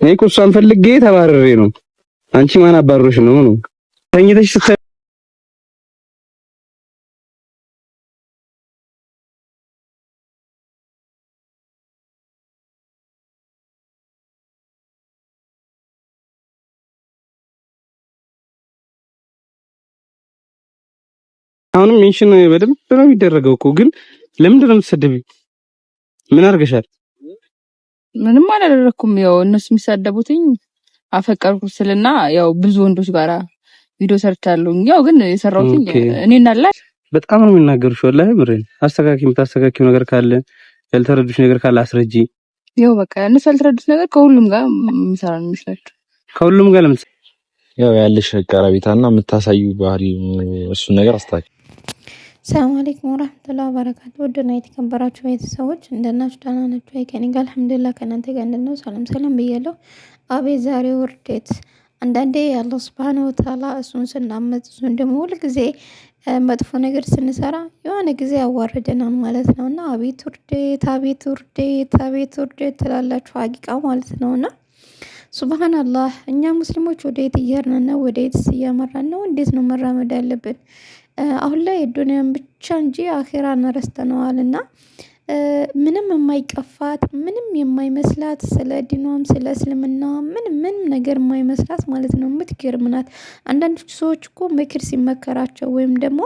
እኔ እኮ እሷን ፈልጌ ተባረሬ ነው። አንቺ ማን አባረሮሽ ነው ነው ተኝተሽ አሁንም ሜንሽን በደንብ ነው የሚደረገው እኮ ግን ለምንድን ነው የምትሰደቢው? ምን አድርገሻል? ምንም አላደረኩም። ያው እነሱ የሚሳደቡትኝ አፈቀርኩ ስልና ያው ብዙ ወንዶች ጋራ ቪዲዮ ሰርቻለሁ። ያው ግን የሰራሁትኝ እኔና ላይ በጣም ነው የሚናገሩ ወላሂ ምሬን አስተካኪ፣ የምታስተካኪው ነገር ካለ ያልተረዱሽ ነገር ካለ አስረጂ። ያው በቃ እነሱ ያልተረዱት ነገር ከሁሉም ጋር የሚሰራ ነው የሚመስላቸው። ከሁሉም ጋር ለምሳሌ ያው ያለሽ ቀረቤታና የምታሳዩ ባህሪ እሱን ነገር አስተካኪ። ሰላም አለይኩም ወራህመቱላሂ ወበረካቱ ውድና የተከበራችሁ ቤተሰቦች እንደናችሁ ደህና ናችሁ ወይ? ከኔ ጋር አልሐምዱሊላህ ከእናንተ ጋር እንዴት ሰላም ሰላም ብያለሁ። አቤት ዛሬ ውርደት! አንዳንዴ አላህ ሱብሓነሁ ወተዓላ እሱን ስናመጽ እሱን ደግሞ ሁልጊዜ መጥፎ ነገር ስንሰራ የሆነ ጊዜ ያዋርደናል ማለት ነው እና አቤት ውርደት፣ አቤት ውርደት፣ አቤት ውርደት ትላላችሁ ሀቂቃ ማለት ነው እና ሱብሃናላህ እኛ ሙስሊሞች ወደየት እየሄድን ነው? ወደየትስ እያመራን ነው? እንዴት ነው መራመድ ያለብን? አሁን ላይ ዱንያን ብቻ እንጂ አኼራን ረስተነዋል እና ምንም የማይቀፋት ምንም የማይመስላት ስለ ዲኗም ስለ እስልምና ምንም ምንም ነገር የማይመስላት ማለት ነው። የምትገርም ናት። አንዳንድ ሰዎች እኮ ምክር ሲመከራቸው ወይም ደግሞ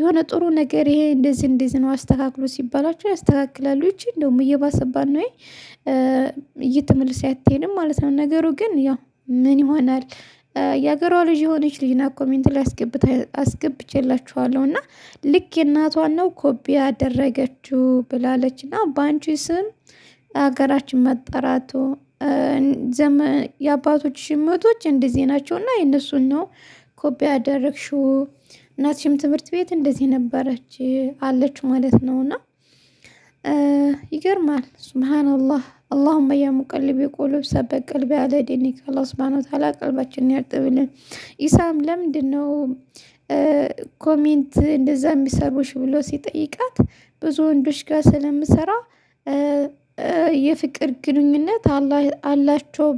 የሆነ ጥሩ ነገር ይሄ እንደዚህ እንደዚህ ነው አስተካክሎ ሲባላቸው ያስተካክላሉ። ይቺ እንደውም እየባሰባት ነው እየተመለሰ አትሄድም ማለት ነው። ነገሩ ግን ያው ምን ይሆናል የአገሯ ልጅ የሆነች ና ኮሜንት ላይ አስገብቼላችኋለሁ እና ልክ የእናቷን ነው ኮቢ ያደረገችው ብላለች እና በአንቺ ስም ሀገራችን መጠራቱ የአባቶች ሽመቶች እንደዚህ ናቸው እና የእነሱን ነው ኮቢ ያደረግሽው። እናትሽም ትምህርት ቤት እንደዚህ ነበረች አለች ማለት ነው እና ይገርማል። ሱብሃነላህ አላሁመ ያ ሙቀልቢ ቁሉብ ሰበት ቀልቢ አለ ዲኒክ። አላህ ሱብሃነሁ ወተዓላ ቀልባችንን ያርጥብልን። ኢሳም ለምንድን ነው ኮሜንት እንደዛ የሚሰሩሽ ብሎ ሲጠይቃት ብዙ ወንዶች ጋር ስለምሰራ የፍቅር ግንኙነት አላቸው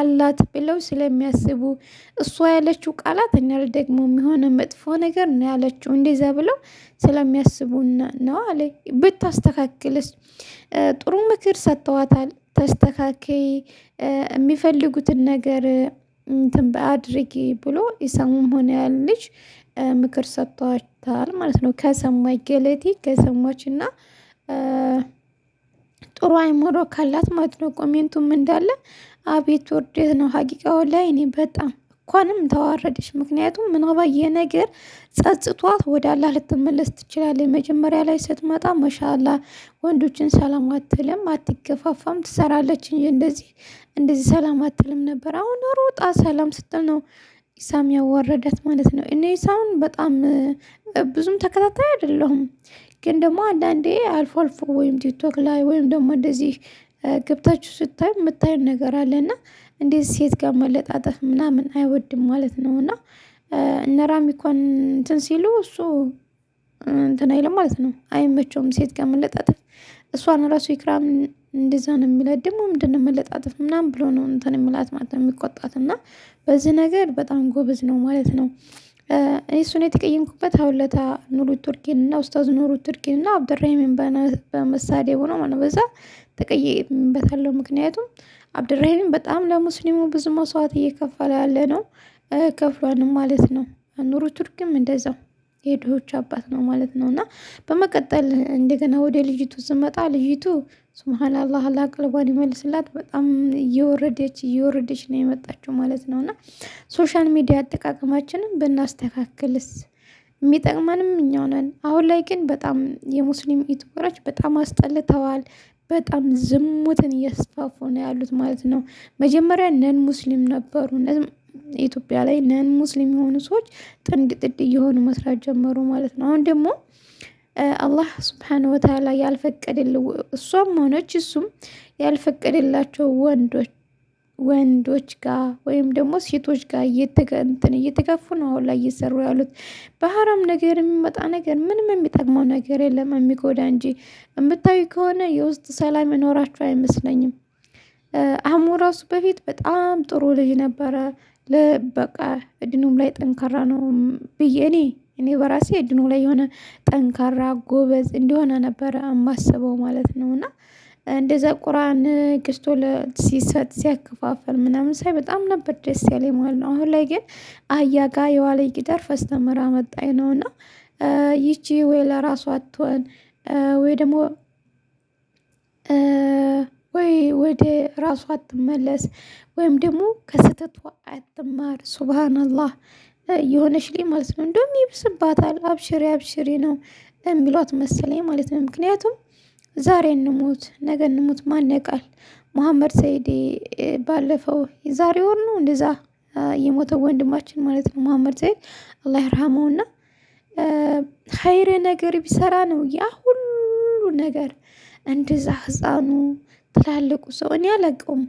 አላት ብለው ስለሚያስቡ እሷ ያለችው ቃላት እኛል ደግሞ የሚሆነ መጥፎ ነገር ነው ያለችው እንደዛ ብለው ስለሚያስቡ ነው አለ። ብታስተካክልስ? ጥሩ ምክር ሰጥተዋታል። ተስተካከይ፣ የሚፈልጉትን ነገር እንትን በአድርጊ ብሎ ኢሳሙም ሆነ ያል ልጅ ምክር ሰጥተዋታል ማለት ነው። ከሰማች ገለቴ ከሰማች እና ጥሩ አይምሮ ካላት ማለት ነው። ኮሜንቱም እንዳለ አቤት ውርደት ነው። ሀቂቃው ላይ እኔ በጣም እንኳንም ተዋረደች። ምክንያቱም ምናባየ ነገር ጸጽቷት ወደ አላህ ልትመለስ ትችላለች። መጀመሪያ ላይ ስትመጣ መሻላ ወንዶችን ሰላም አትልም፣ አትገፋፋም፣ ትሰራለች እንጂ እንደዚህ እንደዚህ ሰላም አትልም ነበር። አሁን ሮጣ ሰላም ስትል ነው ኢሳም ያዋረዳት ማለት ነው። እኔ ኢሳምን በጣም ብዙም ተከታታይ አይደለሁም፣ ግን ደግሞ አንዳንዴ አልፎ አልፎ ወይም ቲክቶክ ላይ ወይም ደግሞ እንደዚህ ገብታችሁ ስታዩ የምታዩ ነገር አለና እንዴት ሴት ጋር መለጣጠፍ ምናምን አይወድም ማለት ነው። እና እነ ራሚ እንትን ሲሉ እሱ እንትን አይልም ማለት ነው። አይመቸውም ሴት ጋር መለጣጠፍ። እሷን ራሱ ኢክራም እንደዛ ነው የሚላት። ደግሞ ምንድን ነው መለጣጠፍ ምናምን ብሎ ነው እንትን የሚላት ማለት ነው የሚቆጣት። እና በዚህ ነገር በጣም ጎበዝ ነው ማለት ነው። እሱን የተቀየምኩበት ሀውለታ ኑሩ ቱርኪን እና ኡስታዝ ኑሩ ቱርኪን እና አብደራሂምን በመሳደብ ሆኖ ማለት ነው። በዛ ተቀየምበታለሁ። ምክንያቱም አብደራሂምን በጣም ለሙስሊሙ ብዙ መስዋዕት እየከፈለ ያለ ነው፣ ከፍሏንም ማለት ነው። ኑሩ ቱርኪም እንደዛው የድሆች አባት ነው ማለት ነው። እና በመቀጠል እንደገና ወደ ልጅቱ ስመጣ ልጅቱ ሱብሃነላህ አላህ ቀልቧን ይመልስላት በጣም እየወረደች እየወረደች ነው የመጣችው ማለት ነው። እና ሶሻል ሚዲያ አጠቃቀማችንም ብናስተካክልስ የሚጠቅመንም እኛው ነን። አሁን ላይ ግን በጣም የሙስሊም ዩቱበሮች በጣም አስጠልተዋል። በጣም ዝሙትን እያስፋፉ ነው ያሉት ማለት ነው። መጀመሪያ ነን ሙስሊም ነበሩ ኢትዮጵያ ላይ ነን ሙስሊም የሆኑ ሰዎች ጥንድ ጥድ እየሆኑ መስራት ጀመሩ ማለት ነው። አሁን ደግሞ አላህ ስብሓን ወተዓላ ያልፈቀደል እሷም ሆነች እሱም ያልፈቀደላቸው ወንዶች ወንዶች ጋር ወይም ደግሞ ሴቶች ጋር እንትን እየተጋፉ ነው አሁን ላይ እየሰሩ ያሉት። በሀራም ነገር የሚመጣ ነገር ምንም የሚጠቅመው ነገር የለም የሚጎዳ እንጂ። የምታዩ ከሆነ የውስጥ ሰላም የኖራቸው አይመስለኝም። አህሙ ራሱ በፊት በጣም ጥሩ ልጅ ነበረ። በቃ እድኑም ላይ ጠንካራ ነው ብዬ እኔ እኔ በራሴ እድኑ ላይ የሆነ ጠንካራ ጎበዝ እንደሆነ ነበረ የማስበው ማለት ነው። እና እንደዛ ቁርአን ገዝቶ ሲሰጥ ሲያከፋፈል ምናምን ሳይ በጣም ነበር ደስ ያለኝ ማለት ነው። አሁን ላይ ግን አህያ ጋር የዋለ ጊደር ፈስተምር አመጣኝ ነው። እና ይቺ ወይ ለራሷ አትሆን ወይ ደግሞ ወይ ወደ ራሷ አትመለስ ወይም ደግሞ ከስህተቷ አትማር። ሱብሃንአላህ የሆነች ላይ ማለት ነው እንደውም ይብስባታል። አብሽሪ አብሽሪ ነው የሚሏት መሰለኝ ማለት ነው። ምክንያቱም ዛሬ እንሙት ነገ እንሙት ማን ያውቃል? መሐመድ ሰይድ ባለፈው የዛሬ ወር ነው እንደዛ የሞተው ወንድማችን ማለት ነው መሐመድ ሰይድ አላህ ይርሃመውና ኸይር ነገር ቢሰራ ነው ያ ሁሉ ነገር እንደዛ ህፃኑ ትላልቁ ሰው እኔ አላውቀውም፣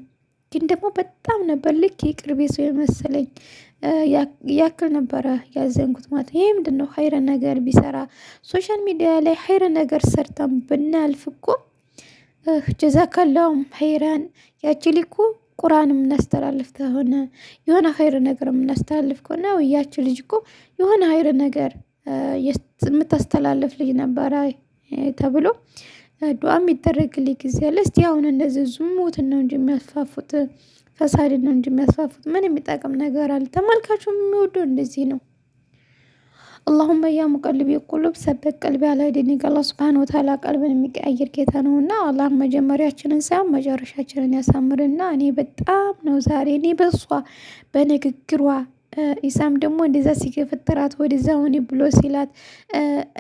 ግን ደግሞ በጣም ነበር ልክ የቅርቤ ሰው የመሰለኝ ያክል ነበረ ያዘንኩት ማለት ይሄ ይህ ምንድን ነው ሀይረ ነገር ቢሰራ ሶሻል ሚዲያ ላይ ሀይረ ነገር ሰርተን ብናልፍ እኮ ጀዛከላውም ሀይረን ያችሊኩ እኮ ቁርአን የምናስተላልፍ ከሆነ የሆነ ሀይረ ነገር የምናስተላልፍ ከሆነ ያች ልጅ እኮ የሆነ ሀይረ ነገር የምታስተላልፍ ልጅ ነበረ ተብሎ ዱዓ የሚደረግልኝ ጊዜ አለ። እስቲ አሁን እንደዚህ ዝሙትን ነው እንጂ የሚያስፋፉት ፈሳድን ነው እንጂ የሚያስፋፉት ምን የሚጠቅም ነገር አለ? ተመልካቹ የሚወደው እንደዚህ ነው። አላሁመ ያ ሙቀልብ የቁሉብ ሰበት ቀልቢ አላ ዲኒከ። አላህ ሱብሃነሁ ወተዓላ ቀልብን የሚቀያየር ጌታ ነው እና አላህ መጀመሪያችንን ሳይሆን መጨረሻችንን ያሳምርና እኔ በጣም ነው ዛሬ እኔ በእሷ በንግግሯ ኢሳም ደግሞ እንደዛ ሲገፈጥራት ወደዛ ሆኔ ብሎ ሲላት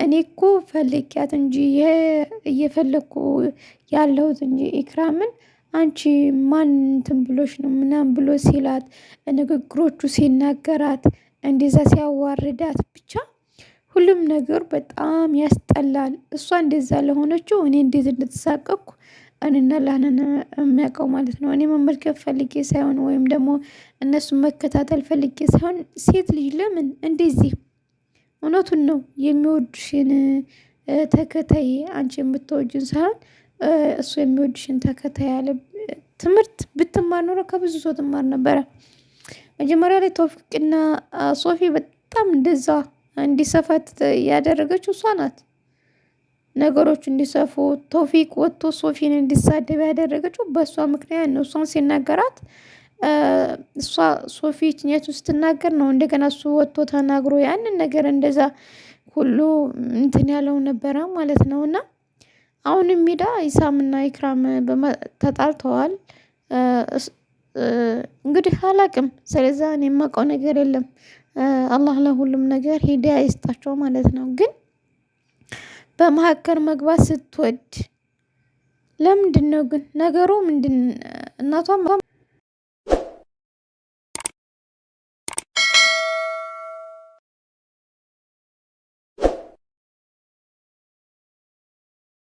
እኔ እኮ ፈልጊያት እንጂ እየፈለግኩ ያለሁት እንጂ ኢክራምን አንቺ ማን እንትን ብሎሽ ነው ምናምን ብሎ ሲላት ንግግሮቹ ሲናገራት እንደዛ ሲያዋርዳት ብቻ ሁሉም ነገር በጣም ያስጠላል። እሷ እንደዛ ለሆነችው እኔ እንዴት እንደተሳቀቅኩ እኔና ላንን የሚያውቀው ማለት ነው። እኔ መመልከት ፈልጌ ሳይሆን ወይም ደግሞ እነሱን መከታተል ፈልጌ ሳይሆን ሴት ልጅ ለምን እንደዚህ እውነቱን ነው የሚወዱሽን ተከታይ አንቺ የምትወጅን ሳይሆን እሱ የሚወድሽን ተከታይ አለ። ትምህርት ብትማር ኖሮ ከብዙ ሰው ትማር ነበረ። መጀመሪያ ላይ ቶፊቅና ሶፊ በጣም እንደዛ እንዲሰፋት ያደረገችው እሷ ናት። ነገሮች እንዲሰፉ ቶፊቅ ወጥቶ ሶፊን እንዲሳደብ ያደረገችው በእሷ ምክንያት ነው። እሷን ሲናገራት እሷ ሶፊ ችኘት ስትናገር ነው። እንደገና እሱ ወጥቶ ተናግሮ ያንን ነገር እንደዛ ሁሉ እንትን ያለው ነበረ ማለት ነው። እና አሁንም ሜዳ ኢሳምና ኢክራም ተጣልተዋል። እንግዲህ አላቅም። ስለዛ እኔ የማውቀው ነገር የለም። አላህ ለሁሉም ነገር ሂዳያ ይስጣቸው ማለት ነው ግን በመሀከል መግባት ስትወድ ነው ግን ነገሩ ምንድን እናቷም